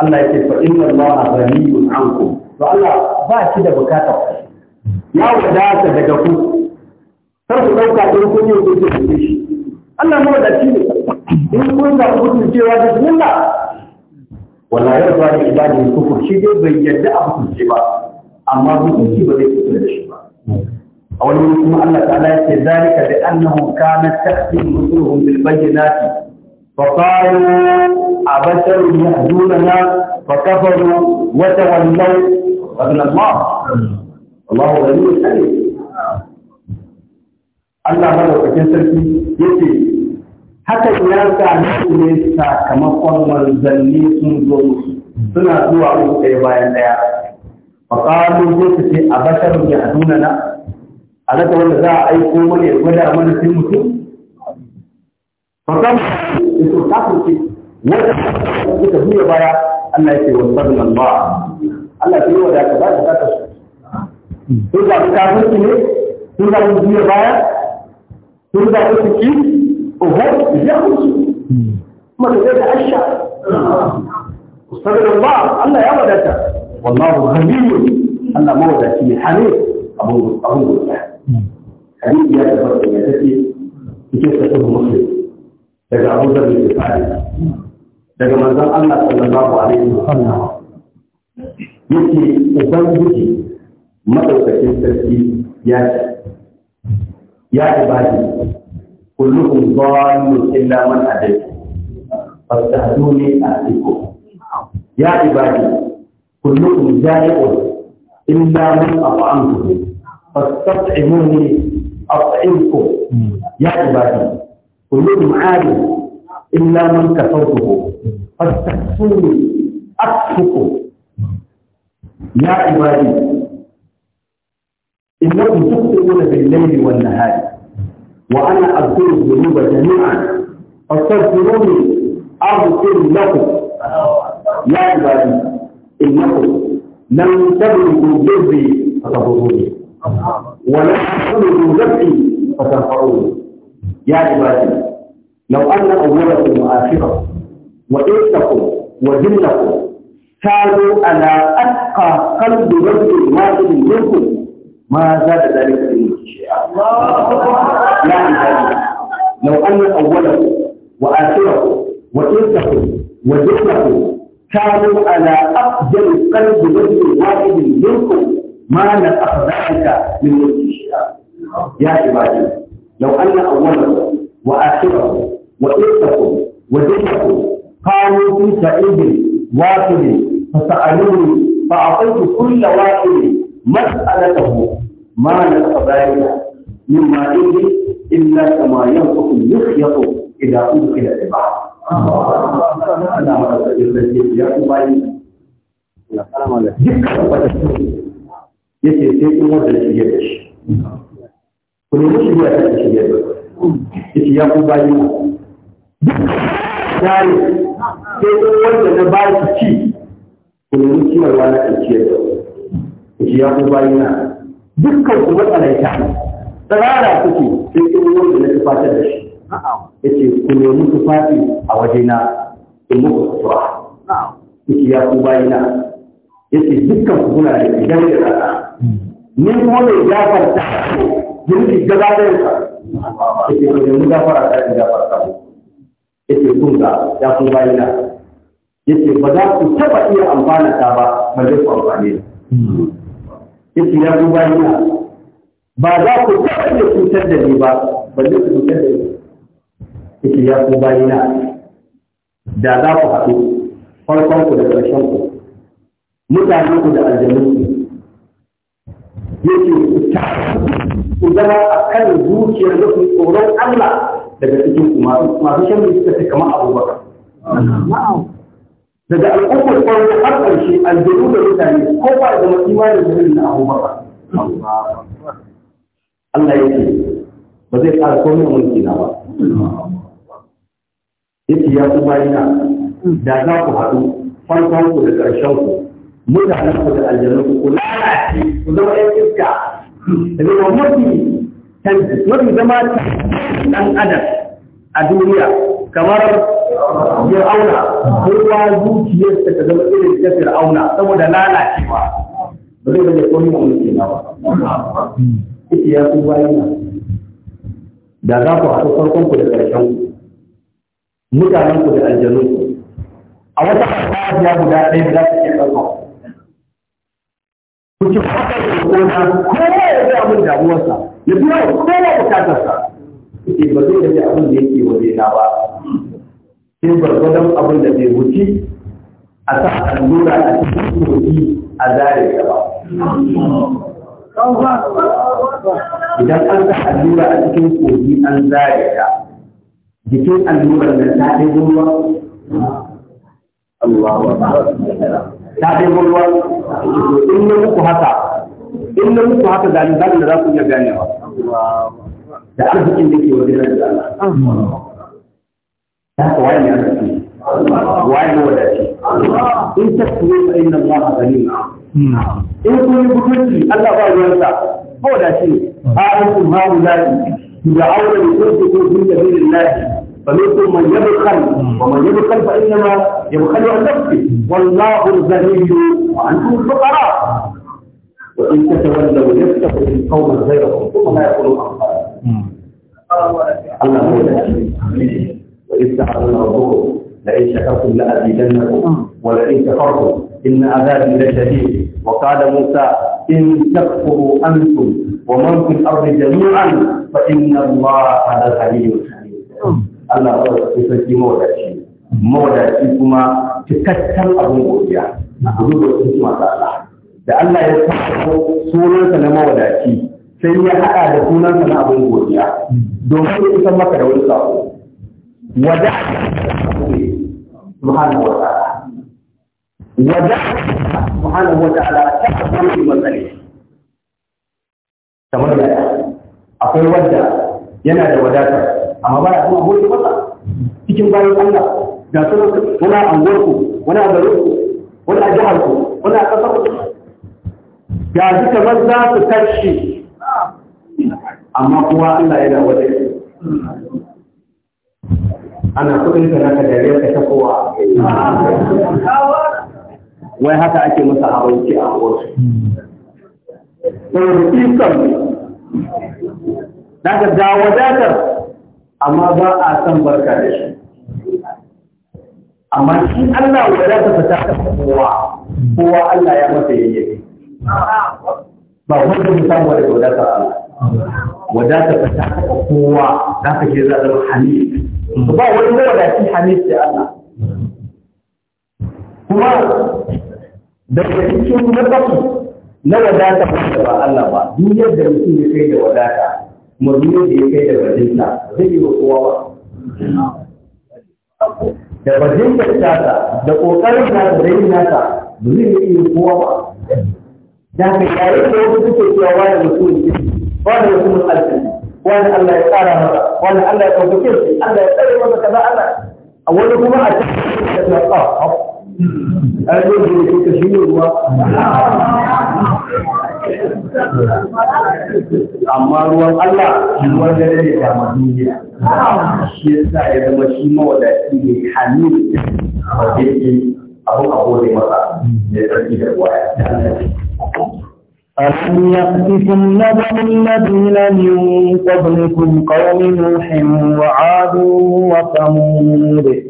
Allah ya ce fa inna Allah ghaniyun ankum to Allah ba shi da bukatar ya wadata daga ku kar ku ɗauka don kun yi kuke kuke shi Allah ma da shi ne in kun ga kuke cewa bismillah wala yarda da ibadi kufur shi dai bai yadda a hukunci ba amma hukunci ba zai kusa da shi ba a wani wuri kuma Allah ta'ala ya ce zalika da annahu kana tahtim rusuluhum bil bayyinati fa qalu abasharu yahdunana fa kafaru wa tawallaw wa Allah Allahu ghaniyyun Allah madaukakin sarki yake haka ya sami su ne sakamakon manzanni sun zo musu suna zuwa uku ɗaya bayan ɗaya faƙalu zai su ce a da ya nuna na alaka wanda za a aiko mana ya gwada mana sai mutum faƙalu ya so ta kurce wanda suka zuwa baya Allah ya ce wasu sabon ba Allah ya yi wa da ka ba da ka su sun zaɓi kafin su ne sun zaɓi juya baya kun da ku ki uhu ya ku kuma da asha ustadar Allah Allah ya wadata wallahu hamidun Allah mawadaci ne hamid abun abun hadisi ya tabbata ya tafi cikin sahih muslim daga Abu Dawud da daga manzon Allah sallallahu alaihi wasallam yake ubangiji madaukakin sarki ya ce يا عبادي كلكم ضال إلا من هديت فاستهدوني أهدكم يا عبادي كلكم جائع إلا من أطعمته فاستطعموني أطعمكم يا عبادي كلكم عالم إلا من كفرته فاستكفوني أكفكم يا عبادي إنكم تخطئون بالليل والنهار وأنا أذكر الذنوب جميعا فاستغفروني أغفر لكم يا عبادي إنكم لم تبلغوا ذنبي فتغفروني ولم تبلغوا ذنبي فترفعوني يا عبادي لو أن أولكم وآخركم وإنكم وجنكم كانوا على أتقى قلب رجل واحد منكم ما زاد ذلك في شيئا يعني ذلك لو أن أوله وآخره وإنسه وجهله كانوا على أفضل قلب رجل واحد منكم ما نقص ذلك من ملك شيئا يا عبادي لو أن أوله وآخره وإنسه وجهله قالوا في سعيد واحد فسألوني فأعطيت كل واحد مسألته ما نلقى بارئة من مائه إلا كما ينفق يخيط إذا أدخل البحر أنا shi ya shi ya shi ya ya na ba ki ci ku nemi ya ya na dukkan ku matsalaita tsirara kuke sai kin wanda na tufatar da shi yace ku nemi tufafi a wajena in muku sutura yace ya ku bayina yace dukkan ku kuna da gidan da rana ni kuma mai gafarta jirgi gabatarsa yace ku nemi gafara ta in gafarta yace kun ga ya ku bayina yace ba za ku taɓa iya amfana ta ba ba zai ku amfane yake ya zo bayana ba za ku taɓa da cutar da ni ba balle ku cutar da ni yake ya zo bayana da za ku haɗu farkon ku da ƙarshen ku mutane ku da aljanun ku yake ku ta ku zama a kan zuciyar da ku tsoron Allah daga cikin ku masu shan da suka kama kamar abubakar. daga al'ummar farko har ƙarshe aljanu da mutane ko ba da zama imanin da na ba. Allah ya ce ba zai ƙara komai mulki na ba ce ya ku bayina da za ku haɗu farkon ku da ƙarshen ku mutanen ku da aljanu ku lalace ku zama ƴan iska daga mafi mafi zama ɗan adam a duniya kamar fir'auna kowa zuciyarsa ta zama irin ta fir'auna saboda lalacewa ba zai zama komi a mulki na ba ita ya ku bayan na da za ku haɗu farkon ku da ƙarshen ku mutanen ku da aljanu a wata ya guda ɗaya za ku iya ɗauka ku ci haka da kona kowa ya zai abin damuwarsa ya biya kowa bukatarsa ita ba zai zama abin da yake waje na ba sai gwargwadon abin da bai wuce a sa allura a cikin kogi a zare ta ba. Idan an sa allura a cikin kogi an zare ta, jikin allurar nan ta ɗaya ruwa? Ta ɗaya ruwa? In na muku haka, in na muku haka zalin zalin da za ku iya ganewa. Da arzikin da ke wajen da Allah. haka wani ya ce wani wadace in ta kuwa fa inna Allah gani in kun yi bukunci Allah ba ruwansa ba wadace ha'arukum ha'ulati yud'auna li tunfiqu fi sabilillah فمنكم من يبخل ومن يبخل فانما يبخل عن نفسه والله الغني وانتم الفقراء وان تتولوا zai القوم غيركم ثم لا يكونوا Allah الله هو وإذ تعلم ربكم لئن شكرتم لأزيدنكم ولئن كفرتم إن عذابي لشديد وقال موسى إن تكفروا أنتم ومن في الأرض جميعا فإن الله هذا الحليم الحليم Allah ba da kusanci mawadaci mawadaci kuma cikakken abin godiya abin da Allah da Allah ya kawo sunansa na mawadaci sai ya haɗa da sunansa na abin godiya domin ya isan maka da wani sako ودع سبحانه وتعالى ودع سبحانه وتعالى تحكم في مسألة kamar da akwai wadda yana da wadatar amma ba ya kuma goyi masa cikin bayan Allah da sunan wani anguwarku wani a garinku wani a jiharku wani a ƙasarku ga su kamar za su tashi amma kuma Allah yana wadda ana kudin ka naka da ka ta kowa wai haka ake masa abinci a wasu saboda ikon Na ga dawo wadatar amma ba a san barka da shi amma shi Allah wadatar ta ta kowa kowa Allah ya masa yayyafi ba wanda musamman da wadatar Allah wadata ka ta kowa za ka ke za zama hamid ba wani da wadaci hamid sai Allah kuma da daga cikin nafasu na wadata ba da ba Allah ba duniyar da mutum ya kai da wadata kuma duniyar da ya kai da bajinta zai yi wa kowa ba da bajinta ta da ƙoƙarin na da rai nata ba zai yi kowa ba da ka yayin da wasu suke cewa wani mutum ne wani ya kuma aljanna wani Allah ya tsara masa wani Allah ya ɗaukake shi Allah ya tsare masa kaza Allah a wani kuma a cikin da ta ƙawa a yi da ya kuka oh, oh. shi ne ruwa amma ruwan Allah ruwan da ne da ma duniya shi yasa ya zama shi mawadaci ne hannu da yake abun a gode masa da ya tsarki da ruwa ya ألم يأتكم نبأ الذين من قبلكم قوم نوح وعاد وثمود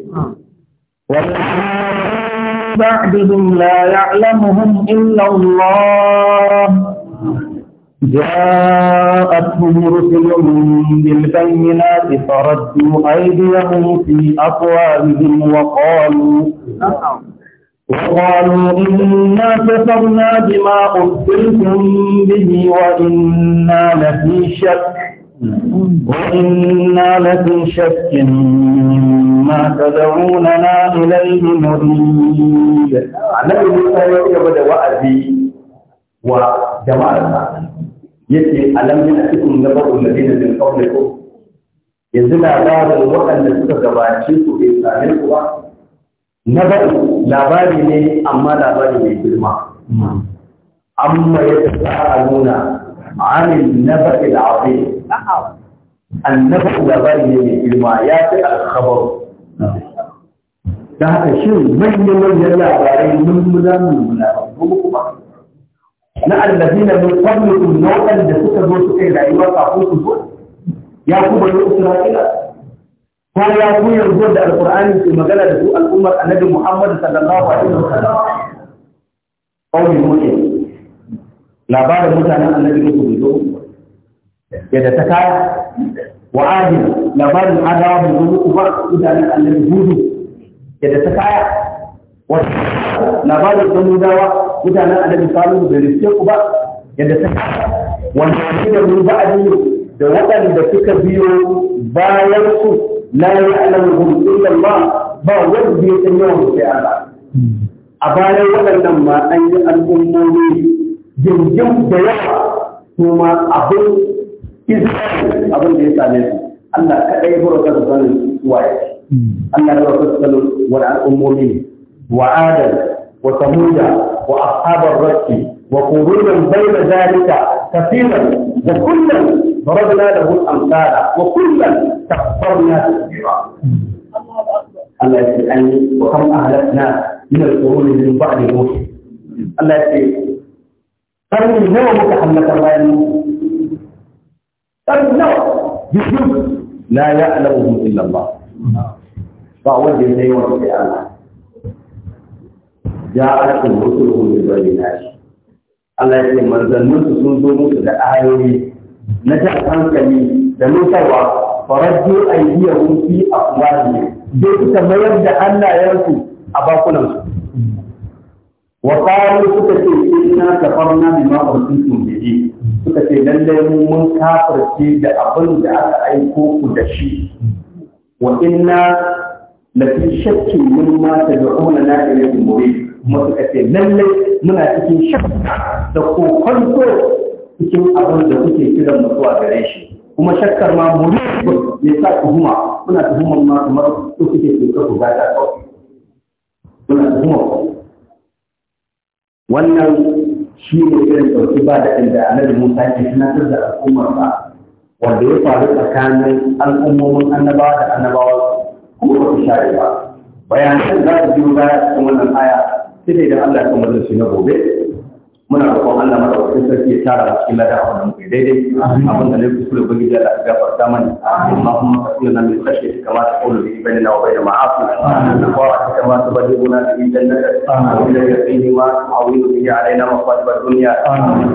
بعدهم لا يعلمهم إلا الله جاءتهم رسلهم بالبينات فردوا أيديهم في أقوالهم وقالوا وقالوا إنا كفرنا بما أرسلتم به وإنا لفي شك وإنا لفي شك مما تدعوننا إليه مريد. النبي موسى يبدأ وأبي وجماعة yake alam yana cikin na babu na dina din kawai ko yanzu labarin waɗanda suka gabace ku bai same ku ba na baɗi labari ne amma labari mai girma amma ya tafi a nuna ma'anin na baɗi labari annabaɗi labari ne mai girma ya fi alkhabar da haka shi manyan manyan labarai mun muna mun muna kuma na allazi na mun kwamfani na da suka zo su kai rayuwa kafin su zo ya kuma yi isra'ila bayan ku yanzu da alqur'ani ke magana da su al'ummar annabi Muhammad sallallahu alaihi wasallam kawai muke labarin mutanen annabi ne su zo yadda ta kaya wa ajin labarin adabu mu zo ku ba mutanen annabi hudu yadda ta kaya wa labarin dawa mutanen annabi salihu da rike ku ba yadda ta kaya wanda shi da mu ba'adin da waɗanda suka biyo bayan su la ya'lamuhum illa Allah ba wanda ya san yawan sai Allah a bayan waɗannan ma an yi al'ummomi jirgin da yawa su ma abin izini abin da ya same su Allah kaɗai bura ka sanin waye Allah ya bura wani al'ummomi wa adam wa wa ashabar rashi wa qurunan كثيرا وكلا ضربنا له الأمثال وكلا تكثرنا تكثيرا الله يسألني يعني وكم أهلكنا من القرون من بعد نوح الله يسألني قرن نوع متحملة الله قرن نوع بشر لا يعلمه إلا الله فأوجه إليه وفي الله جاءتهم رسلهم بالبينات Allah ya ce su sun zo musu da ayoyi na jan hankali da nutarwa farajjo a fi afwahi da suka mayar da hannayensu a bakunan wa qalu suka ce inna kafarna bima ursiltum bihi suka ce lallai mu mun kafirce da abin da aka aiko ku da shi wa inna la fi mimma tad'una na ilayhi murib kuma suka lallai muna cikin shakka da kokonto cikin abin da kuke kiran mutuwa gare shi kuma shakkar ma muri ne sa tuhuma muna tuhumar ma kamar su kuke tuka ku gata kawai muna tuhumar wannan shi ne irin ɗauki ba da inda annabi Musa ke tunatar da al'ummar ba wanda ya faru tsakanin al'ummomin annabawa da annabawa kuma ba su share ba bayanan za su biyo baya cikin wannan aya sai da Allah ya kamar da shi na gobe muna roƙon Allah madaukakin sarki ya tara mu cikin ladan abin da muke daidai abin da ne kuskure ubangi da Allah ya gafarta mana amma kuma kafin nan mu kashe kama ta kullu bi bainana wa bainal ma'asi da qara ta kama ta bade guna da jannata wa ila yaqini ma ta'awidu bihi alaina wa qadba dunya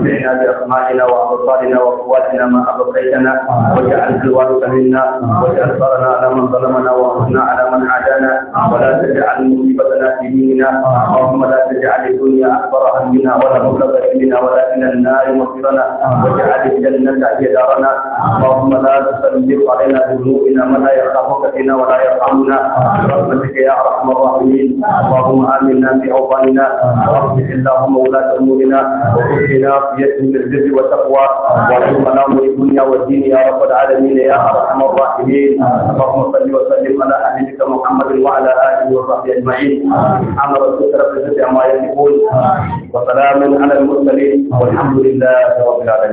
bi'ina bi asma'ina wa absarina wa quwwatina ma abqaitana wa ja'al alwaritha minna wa ja'al sarana ala man zalamana wa ansurna ala man adana wa la taj'al musibatana fi dinina wa la taj'al dunya akbar hamina wa la مبلغ علمنا ولا إلى النار مصيرنا واجعل الجنة هي دارنا اللهم لا تسلط علينا ذنوبنا من لا يخافك فينا ولا يرحمنا برحمتك يا أرحم الراحمين اللهم آمنا في أوطاننا واصلح اللهم ولاة أمورنا وكلنا بيدهم بالبر والتقوى وارزقنا أمر الدنيا والدين يا رب العالمين يا أرحم الراحمين اللهم صل وسلم على حبيبك محمد وعلى آله وصحبه أجمعين أمر السكر في عما يصفون وسلام على المرسلين والحمد لله رب العالمين